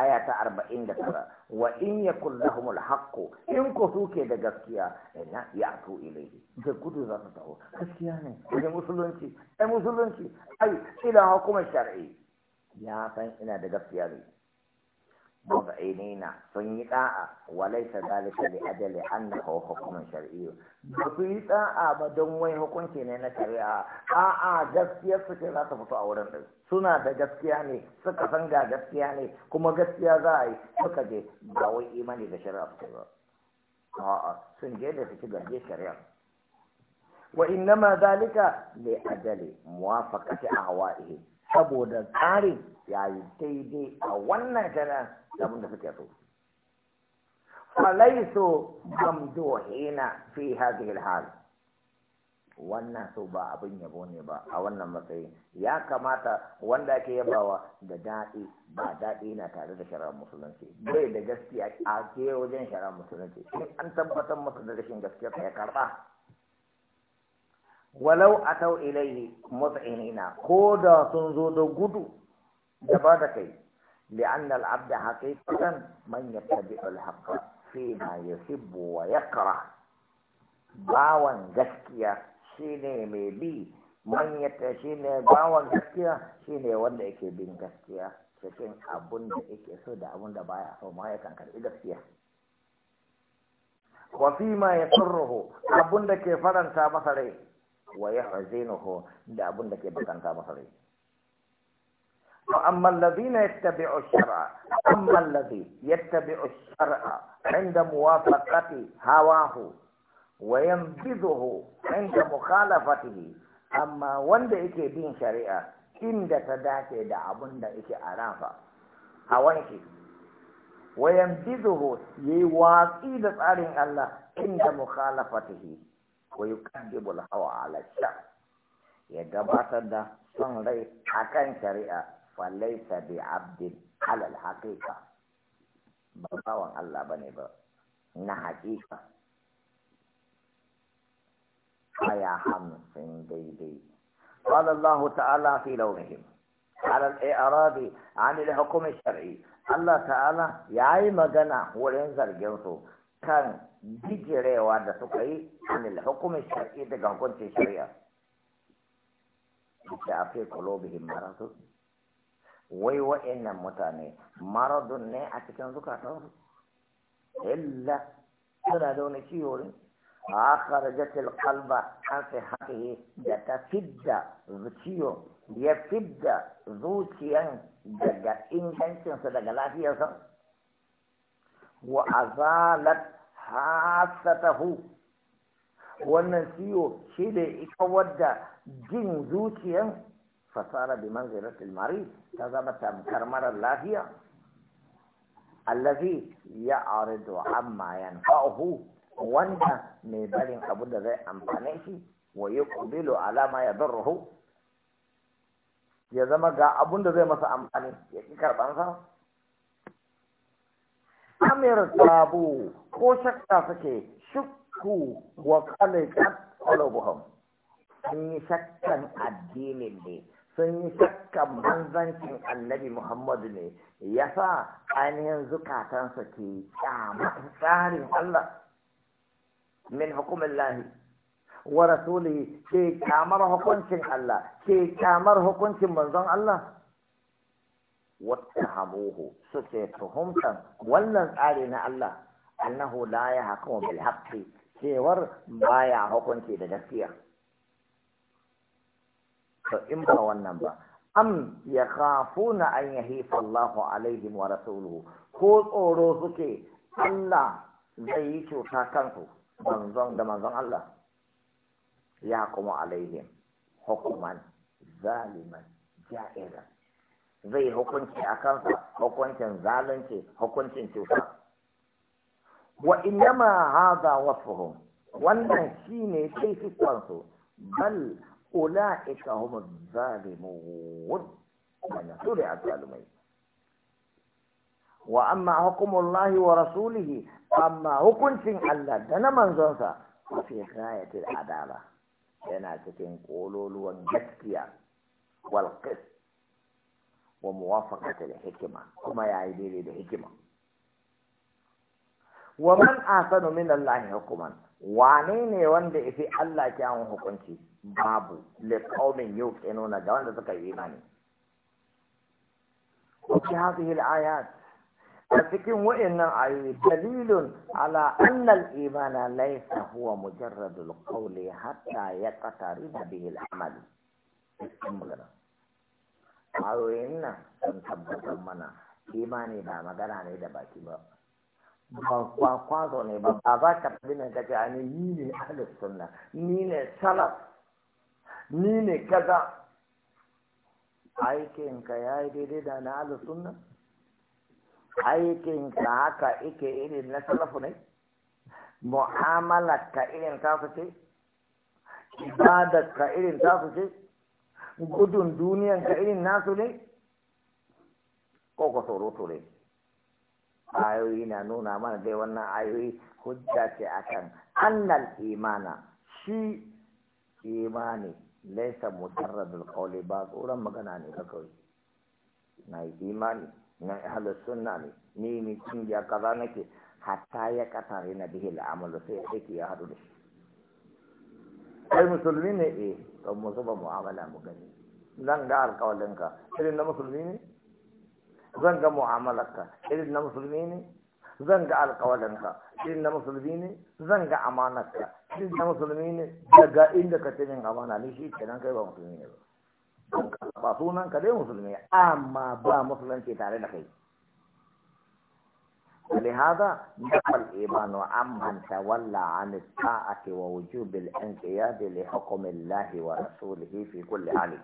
B: aya ta arba'in da tara wa in ya lahumul haqqu in ko suke da gaskiya ina ya atu ilayhi da gudu za ta taho gaskiya ne da musulunci ai musulunci ai ila hukumar shar'i ya san ina da gaskiya ne na sun yi da'a walai ta zalika da ajali an da hau hukumin ba su yi da'a ba don wai hukunci ne na shari'a a'a gaskiya su ce za ta fito a wurin ɗin suna da gaskiya ne suka san ga gaskiya ne kuma gaskiya za a yi suka je ba wai imani da shari'a su ba a'a sun je da su gaje shari'a wa innama zalika li ajali hawa ahwa'ihi saboda tsarin ya yi daidai a wannan tana abin da suke so falaiso mamduhina fi hadhihi ilhal wannan so ba abin yabo ne ba a wannan matsayin ya kamata wanda ke yabawa da daɗi ba daɗi na tare da shara'ar musulunci bai da gaskiya a ke wajen shara'ar musulunci in an tabbatar masa da rashin gaskiya ya karɓa walau a tau ilaihi mut'inina ko da sun zo da gudu da ba da kai li'anna al-abda haqiqatan man yattabi al-haqq fi ma yuhibbu wa yakrah bawan gaskiya shine mai bi man yatta shine bawan gaskiya shine wanda yake bin gaskiya cikin abun da yake so da abun da baya so ma yakan karbi gaskiya wa fi ma yasurruhu abun da ke faranta masa rai wa yahzinuhu da abun da ke bakanta masa rai to amma alladhina yattabi'u ash-shar'a amma alladhi yattabi'u ash-shar'a inda muwafaqati hawahu wa biduhu, inda mukhalafatihi amma wanda yake bin shari'a inda ta dace da abun da yake arafa hawan shi wa yanbidhuhu yi watsi da tsarin Allah inda mukhalafatihi ويكذب الهوى على الشرع يجبات ده لي حكان شريعة فليس بعبد على الحقيقة بطاوة الله بني بر نحقيقة آية دي دي قال الله تعالى في لومهم على الإعراض عن الحكم الشرعي الله تعالى يعي مجنع ولينزل جنسه كان bijirewa da suka yi anil hukumi shari'i daga hukuncin shari'a da a fi kulobihin maradu wai wa'annan mutane maradun ne a cikin zukatansu illa suna da wani ciwo ne a aka kalba an fi da ta fidda zuciyo ya fidda zuciyan daga ingancinsa daga lafiyarsa wa azalat hasatahu wannan siyo shi da ika wadda jin zuciyan fasara bi manzilatil mari ta zama tamkar marar lafiya allazi ya aridu amma yanfa'uhu wanda mai barin abu da zai amfane shi wa yuqbilu ala ma yadurruhu ya zama ga abun da zai masa amfani ya ki karban amir tabu ko shakka suke shukku wa kalikat qulubuhum sun yi shakkan addinin ne sun yi shakkan manzancin annabi muhammadu ne yasa ainihin zukatansa ke kyamar tsarin allah min hukumin lahi wa rasuli ke kyamar hukuncin allah ke kyamar hukuncin manzon allah wata hamuhu suke tuhumtan wannan tsari na Allah annahu la ya hakama bil haqqi cewar baya hukunci da gaskiya to in ba wannan ba am ya khafuna an yahifa Allahu alaihim wa rasuluhu ko tsoro suke Allah zai yi cuta kansu manzon da manzon Allah ya kuma alaihim hukuman zaliman ja'iran zai hukunci a kansa hukuncin zalunci hukuncin cuta wa innama hadha wasfuhum wannan shine sai fifansu bal ulaika hum zalimun wannan sura al-zalimai wa amma hukumullahi wa rasulihi amma hukuncin Allah da na manzonsa fi ghayatil adala yana cikin kololuwan gaskiya wal qist wa muwafaqata da hikima kuma yayi daidai da hikima wa man asanu min Allah hukuman wane ne wanda yafi Allah kyawun hukunci babu li qaumin yuqinuna ga wanda suka yi imani wa fi hadhihi ayat a cikin wa'annan ayoyi dalilun ala annal imana laysa huwa mujarradul qawli hatta yaqtariba bihi al-amal cikin magana ayoyin nan sun tabbatar mana imani ba magana ne da baki ba ba kwazo ne ba ba za ka fi nan kace a ni ne ahlus sunna ni ne salaf ni ne kaza aikin ka yayi daidai da na ahlus sunna aikin ka haka ike irin na salafu ne mu'amalar ka irin ta ce ibadar ka irin ta ce gudun duniyan ka irin nasu ne ko ka surutu ne ayoyi na nuna mana dai wannan ayoyi hujja ce kan annal imana shi imani laisa mujarradul qawli ba tsoron magana ne ba kawai na imani na ahlus sunna ne ni ni kin ya kaza nake hatta ya katare na bihil amalu sai yake ya hadu da shi kai musulmi ne eh to mu zuba mu'amala mu gani zan ga ka irin na musulmi ne zan ga ka irin na musulmi ne zan ga ka irin na musulmi ne zan ga ka irin na musulmi ne daga inda ka ce min amana ni shi kenan kai ba musulmi ne ba ba sunan ka dai musulmi amma ba musulunci tare da kai ولهذا نقل الإيمان عمن تولى عن الطاعة ووجوب الانقياد لحكم الله ورسوله في كل حال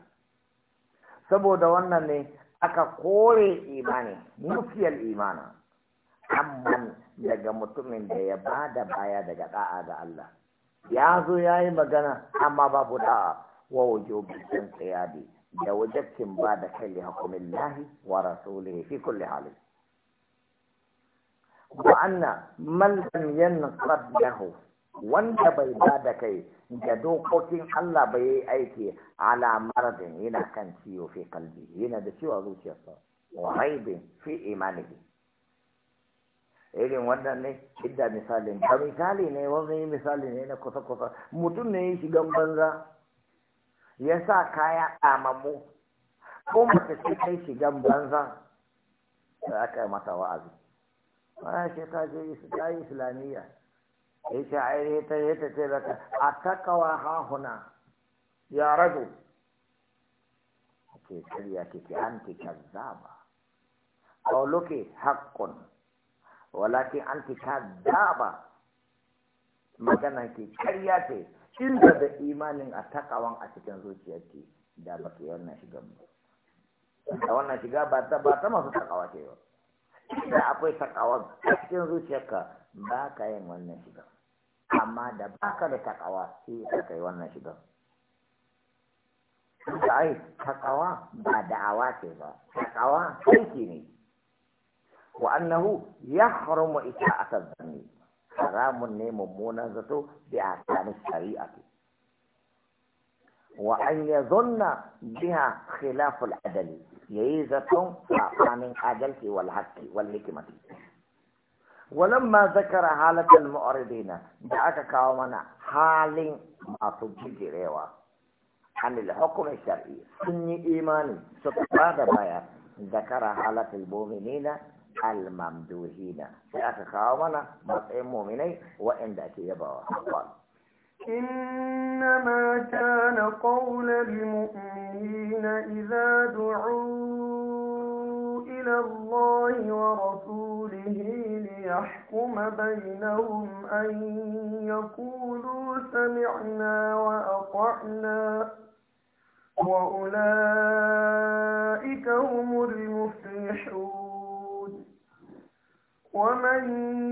B: سبو دوانا لي أكا قوري إيماني نفي الإيمان عمن من يجا متمن دي بعد بايا دي دعا الله يا ياي مغانا أما بابو دعا ووجوب الانقياد يوجد كم بعد حكم الله ورسوله في كل حال وأن من لم ينقض Yahu, wanda bai ba da kai ga dokokin Allah bai yi aiki ala maradin yana kan ciwo fi kalbi yana da ciwo a zuciyarsa wa raibin fi imanihi irin wannan ne idda misalin da misali ne wani misali ne na kusa-kusa mutum ne ya shiga banza ya sa kaya ɗamammu ko mace sai kai shigan banza da aka mata wa'azi wani ce ta je yi islamiyya ya ce a yi ta yi ta ce zaka a takawa hahuna ya rago ke karya kike an ti kazzaba qawluki oh, haqqun walakin anti kazzaba magana ke karya ce inda da imanin a takawan a cikin zuciyarki da baki wannan shiga ba wannan shiga ba ta masu takawa ke yau. da akwai takawa a cikin zuciyarka ba ka yin wannan shiga amma da ba ka da takawa sai ka kai wannan shiga da ai takawa ba da'awa ce ba takawa aiki ne wa annahu yahrumu ita'atul dhanni haramun ne mummunan zato bi ahkamis shari'ati wa an zonna biha khilaful adali يهي ذاتهم عن عجلتي والحكي والحكمة ولما ذكر حالة المؤردين دعك كاومنا حال ما تبجي ريوا عن الحكم الشرعي سني إيماني ستفاد بايا ذكر حالة المؤمنين الممدوهين دعك كاومنا مطعم مؤمنين وإن ذاتي يبوا حقا
A: إنما كان قول المؤمنين إذا دعوا إلى الله ورسوله ليحكم بينهم أن يقولوا سمعنا وأطعنا وأولئك هم المفلحون ومن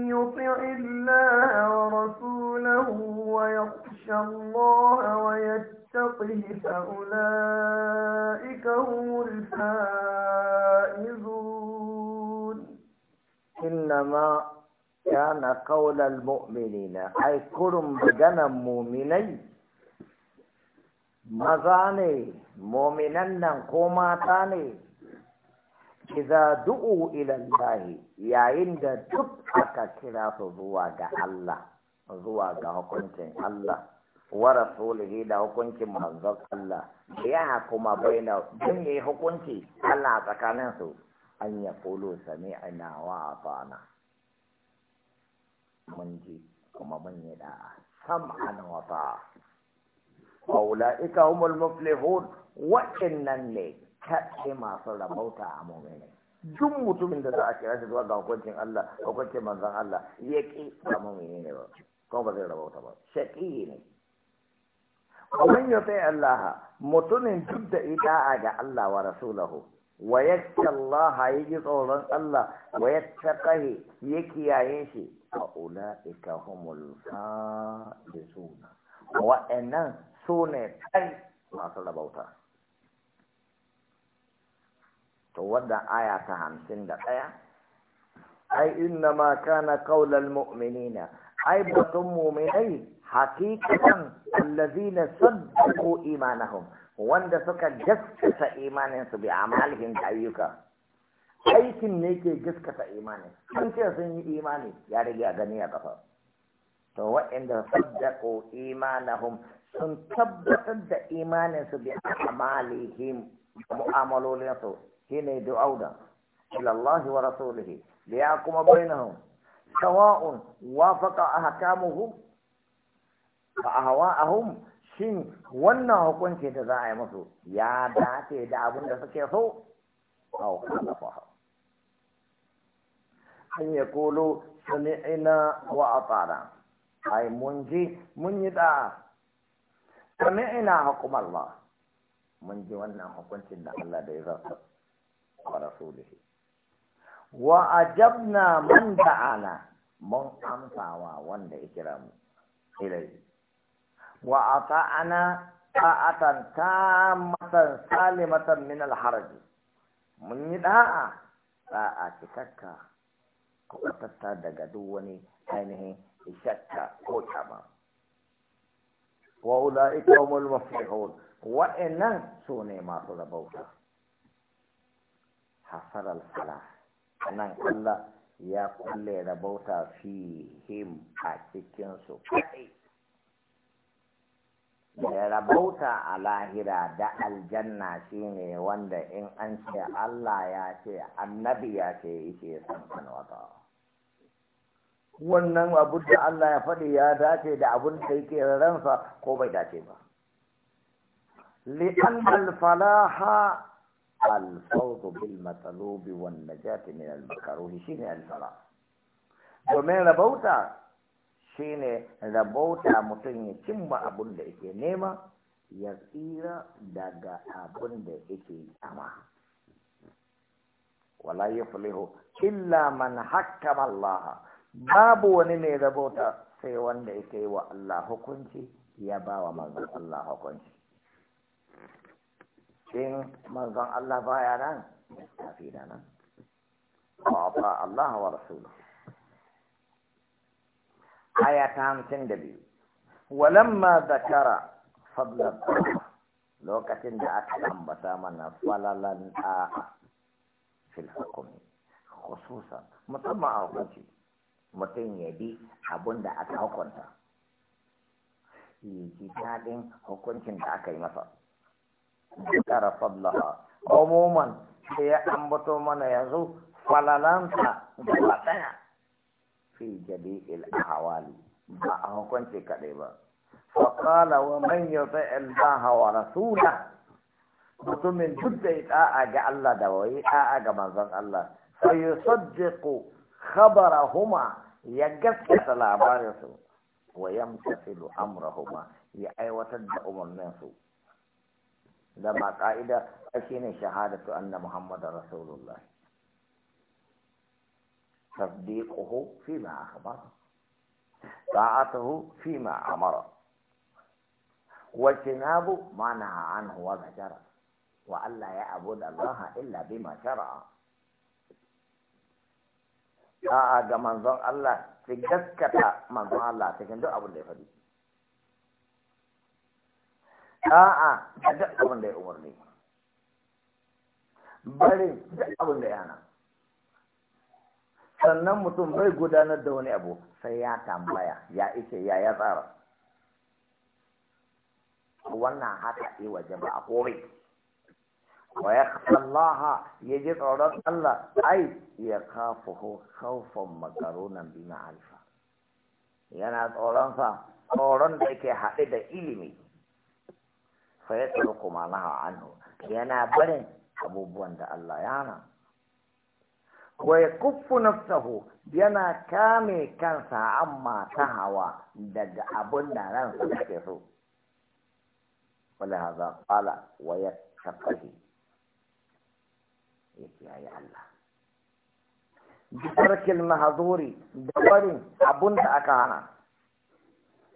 A: يطع الله ورسوله ويخشى الله ويتقه فأولئك هم الفائزون
B: إنما كان قول المؤمنين أي كرم بجنا مؤمني مزاني مؤمنا قوماتاني iza du'u ilallahi, yayin da duk aka kira su zuwa ga Allah zuwa ga hukuncin Allah wa rasulihi da hukuncin manzon Allah ya kuma baina na yayi hukunci Allah tsakanin su an ya kulu sami'na wa atana mun ji kuma mun yi da'a sam'an wa ta'a wa ula'ika humul muflihun wa'annan ne kaɗai masu rabauta a mummina hmm. duk mutumin da za a kira shi zuwa ga hukuncin Allah hukuncin manzon Allah ya ƙi ba mummina ne ba kuma ba zai rabauta ba shaƙi ne a wani sai Allah mutumin duk da ita a ga Allah wa rasulahu wa yakki Allah ya ji tsoron Allah wa yakki kahi ya kiyaye shi a ula'ika humul fa'izuna wa'annan sune kai masu rabauta to wadda aya ta hamsin da ɗaya ai inna ma kana qaulal mu'minina ai batun mu'minai hakikatan allazina saddaqu imanahum wanda suka gaskata imaninsu su bi amalihin ayyuka aikin ne ke gaskata imanin sun ce sun yi imani ya rage a gani a kafa to waɗanda saddaqu imanahum sun tabbatar da imaninsu su bi amalihim mu'amalolinsu shine du'auda ila Allah wa rasulihi li yaquma hu? sawa'un wafaqa ahkamuhu a hum? shin wannan hukunci da za a yi masu ya dace da abinda suke so aw khalafaha an yaqulu sami'na wa ata'na ai mun ji mun yi da sami'na hukum Allah mun ji wannan hukuncin da Allah da ya zartar wa rasulih wa ajabna man da'ana mun amsawa wanda ya kira mu ilai wa ata'ana ta'atan tamatan salimatan min al haraj mun yi da'a da'a cikakka ko tatta daga duk wani ainihin shakka ko kama wa ula'ika hum al mufrihun wa'annan sune masu rabauta hasar alfala nan Allah ya kulle rabauta fi him a cikinsu da rabauta a lahira da aljanna shine wanda in an ce Allah ya ce annabi ya ce yake san wata wannan abu da Allah ya faɗi ya dace da abun da yake ransa ko bai dace ba li'an al-falaha alfawdu bil matsalubi wan najati min al makaruhi shine al sala domin rabauta shine rabauta mutum ya cimma abun da yake nema ya tsira daga abun da yake kama wala yuflihu illa man hakkama Allah babu wani mai rabauta sai wanda yake wa Allah hukunci ya bawa wa Allah hukunci in manzon Allah baya nan tafi da nan wa ata Allah wa rasuluhu aya ta hamsin da biyu walamma zakara fadlan lokacin da aka ambata mana falalan ta'a fil hukumi khususan musamman a hukunci mutum ya bi abun da aka hukunta yi ji daɗin hukuncin da aka yi masa তারা পাবলা অমুমান সে আম্বত يزو فلا ফালালাম في جميع الأحوال معه كنت كذبا فقال ومن يطع الله ورسوله بتم جد إتاء الله دوي إتاء جمزن الله فيصدق خبرهما يجس كتلا بارسو ويمتثل أمرهما يأي أيوة وتدأ من da ba ka'ida shi ne shahadatu anna muhammadar rasulullah تصديقه فيما أخبره طاعته فيما أمره واجتناب ما نهى عنه وزجره وألا يعبد الله إلا بما شرع a'a ga manzon Allah su gaskata manzon Allah cikin duk abin da ya faɗi a'a da duk abin da ya umarni barin duk abin da ya na. sannan mutum bai gudanar da wani abu sai ya tambaya ya ice ya ya tsara wannan haka yi waje ba a kore. wa ya kasallaha ya ji tsoron Allah ai ya kafa ho kaufan makaronan bi na alfa yana tsoron tsoron da ke haɗe da ilimi fayatruku ma naha yana barin abubuwan da Allah yana. hana wa yakuffu yana kame kansa amma ta hawa daga abin da ransa ke so wala haza qala wa yattaqi yake ayi Allah bi tarkil da barin abun da aka hana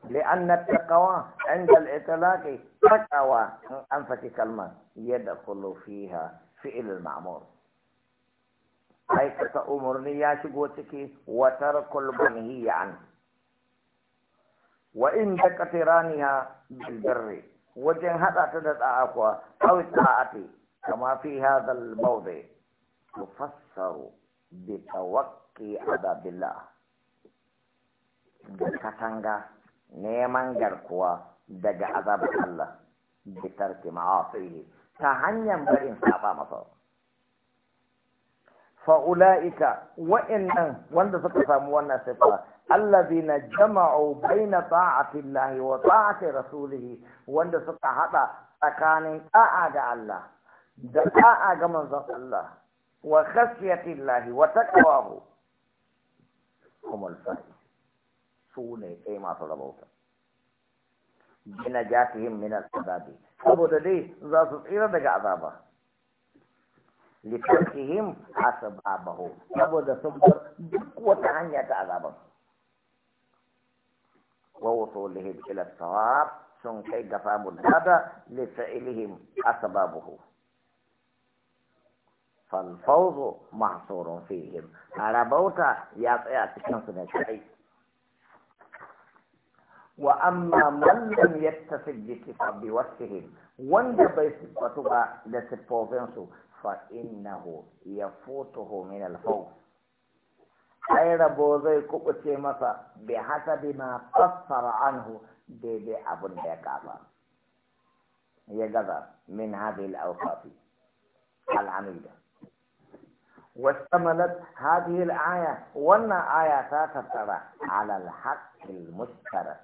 B: لأن التقوى عند الإطلاق تقوى أنفك كلمة يدخل فيها فعل المعمور أي تأمرني يا شقوتك وترك المنهي عنه وإن كثيرانها بالبر وجن هذا تدت أقوى أو التاعتي كما في هذا الموضع تفسر بتوقي عذاب الله neman garkuwa daga azabar Allah bitar ma'asihi ta hanyar barin saba masa fa'ula'ika wa'annan wanda suka samu wannan sifa na jama'u baina ta'ati Allah wa ta'ati rasulih wanda suka hada tsakanin ta'a ga Allah da ta'a ga manzon Allah wa khashyati Allah wa taqwahu kuma fa'il سونه اي ما بنجاتهم من السباب سبوتا دي زاسو ايرا دقا عذابا لتركهم اسبابه سبوتا سبوتا دقوة عنيا تعذابا ووصولهم الى الثواب سن كي قفاموا الدادة لفعلهم اسبابه فالفوز محصور فيهم على بوتا يا يا تكنسنا شيء وأما من لم يتصف بوصفهم وند بيصفته لصفوفنسو فإنه يفوته من الفوز أي بوزي زي مسا بحسب ما قصر عنه دي دي أبن بيكابا كعبا من هذه الأوصاف العميدة واشتملت هذه الآية وأن آية تترى على الحق المشترك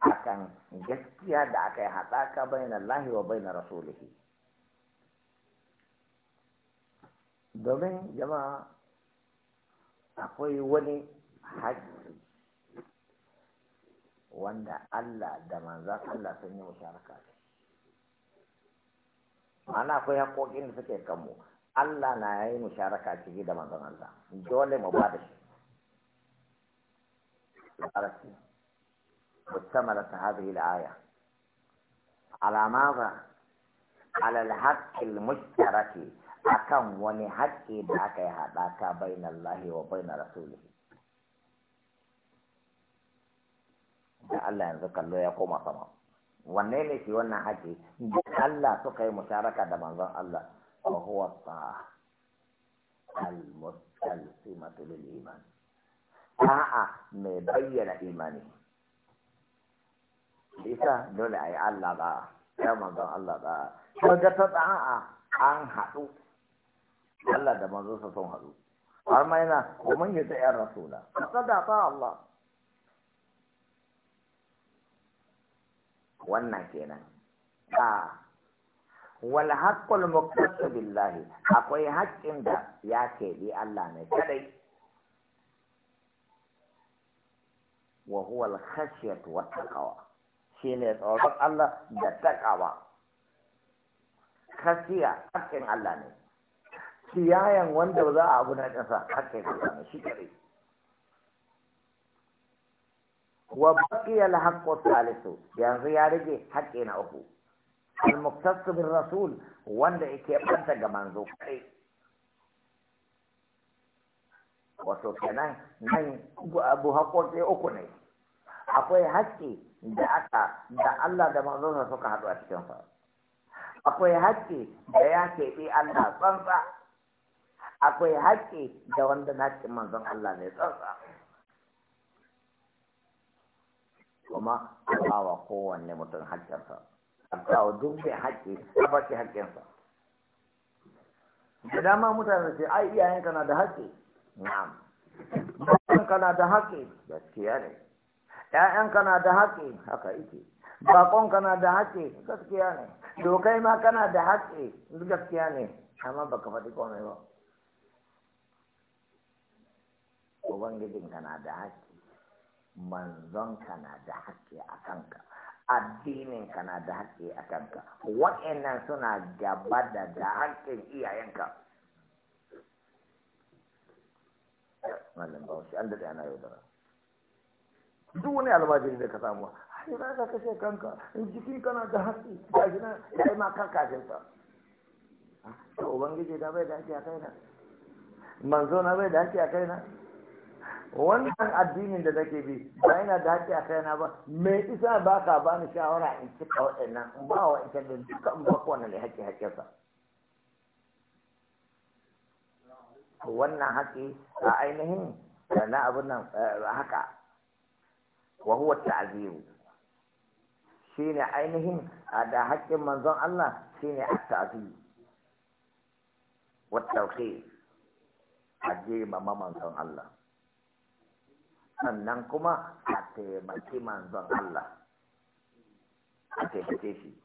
B: akan gaskiya da aka yi haɗaka bayan Allah wa bayan rasulihi domin jama'a akwai wani haƙi wanda Allah da manzan Allah sun yi musharaka ana akwai haƙoƙin da suke kanmu Allah na yi musharaka ciki da manzan Allah dole mu ba da shi مشتملة هذه الآية على ماذا؟ على الحق المشترك أكم ونحق ذاك يهداك بين الله وبين رسوله da Allah yanzu kallo ya koma sama wanne ne shi wannan haƙi da Allah suka yi musharaka da manzon Allah wa huwa al-mustalsimatu lil iman a'a mai bayyana imani isa dole a yi Allah ba ya manzon Allah ba kaga ta da'a an haɗu Allah da manzon sa sun haɗu har ma yana ko man yi ta'yar rasula sada ta Allah wannan kenan ba wal haqqul muqtasib billahi akwai haƙƙin da ya keɓe Allah ne kadai wa huwa al khashyatu wat taqwa shine tsoron Allah da takawa kasiya hakkin Allah ne siyayen wanda ba za a abu na ƙasa hakkin Allah ne shi kare wa baqiya al-haqqu salisu yanzu ya rage haƙƙi na uku al-muqtasu bin rasul wanda yake banta ga manzo kai wato kenan nan abu haƙƙoƙi uku ne akwai haƙƙi da aka da Allah da manzonsa suka haɗu a cikin sa akwai haƙƙi da ya keɓe Allah tsantsa akwai haƙƙi da wanda na cikin manzon Allah ne tsantsa kuma a wa kowanne mutum haƙƙinsa a kawo duk mai haƙƙi a ba shi haƙƙinsa da dama mutane sai ai iyayenka na da haƙƙi na'am kana da haƙƙi gaskiya ne ‘ya'yan na da haƙƙi haka ike Baƙonka na da haƙƙi gaskiya ne dokai ma kana da haƙƙi gaskiya ne amma baka faɗi komai ba ubangijin na da haƙƙi Manzonka na da haƙƙi a kanka addinin na da haƙƙi a kanka wa'annan suna gaba da da haƙƙin iyayenka malam ba an daɗe ana yaudara duk wani albajiri da ka samu ai za ka kashe kanka in jikin kana da hatsi ga shi nan kai ma ka kashe ta to ubangiji da bai dace a kaina manzo na bai dace a kaina wannan addinin da zake bi ba yana da dace a kaina ba me isa ba ka ba ni shawara in cika waɗannan in ba wa ita da dukkan ba ko wannan ne haƙƙi haƙƙinsa wannan haƙƙi a ainihin na abin nan eh, haka wa huwa ta'ziru shine ainihin da haƙƙin manzon Allah shine at-ta'zir wa tawqir aje mama manzon Allah sannan kuma a taimaki manzon Allah a taimake shi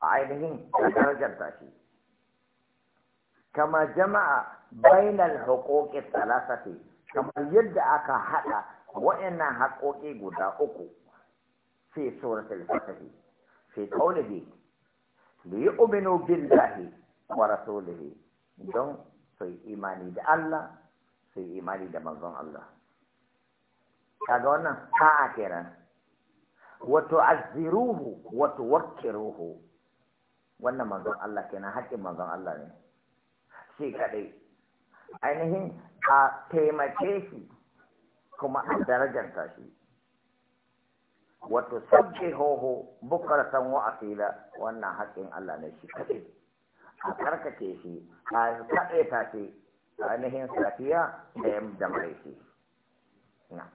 B: a ainihin darajar ta shi kama jama'a bainal huquqi thalathati kamar yadda aka haɗa wa'annan haƙoƙi guda uku fi suratul fatihi fi qawlihi li yu'minu billahi wa rasulihi don su imani da Allah su imani da manzon Allah kaga wannan ta'a kenan wa tu'azziruhu wa tuwakkiruhu wannan manzon Allah kenan haƙƙin manzon Allah ne shi kadai ainihin a taimake shi kuma a darajarta shi wato sabbe hoho bukaratan wa asila wannan haƙƙin Allah ne shi kaɗai a karkace shi a kaɗaita a ainihin safiya da yamma da shi. na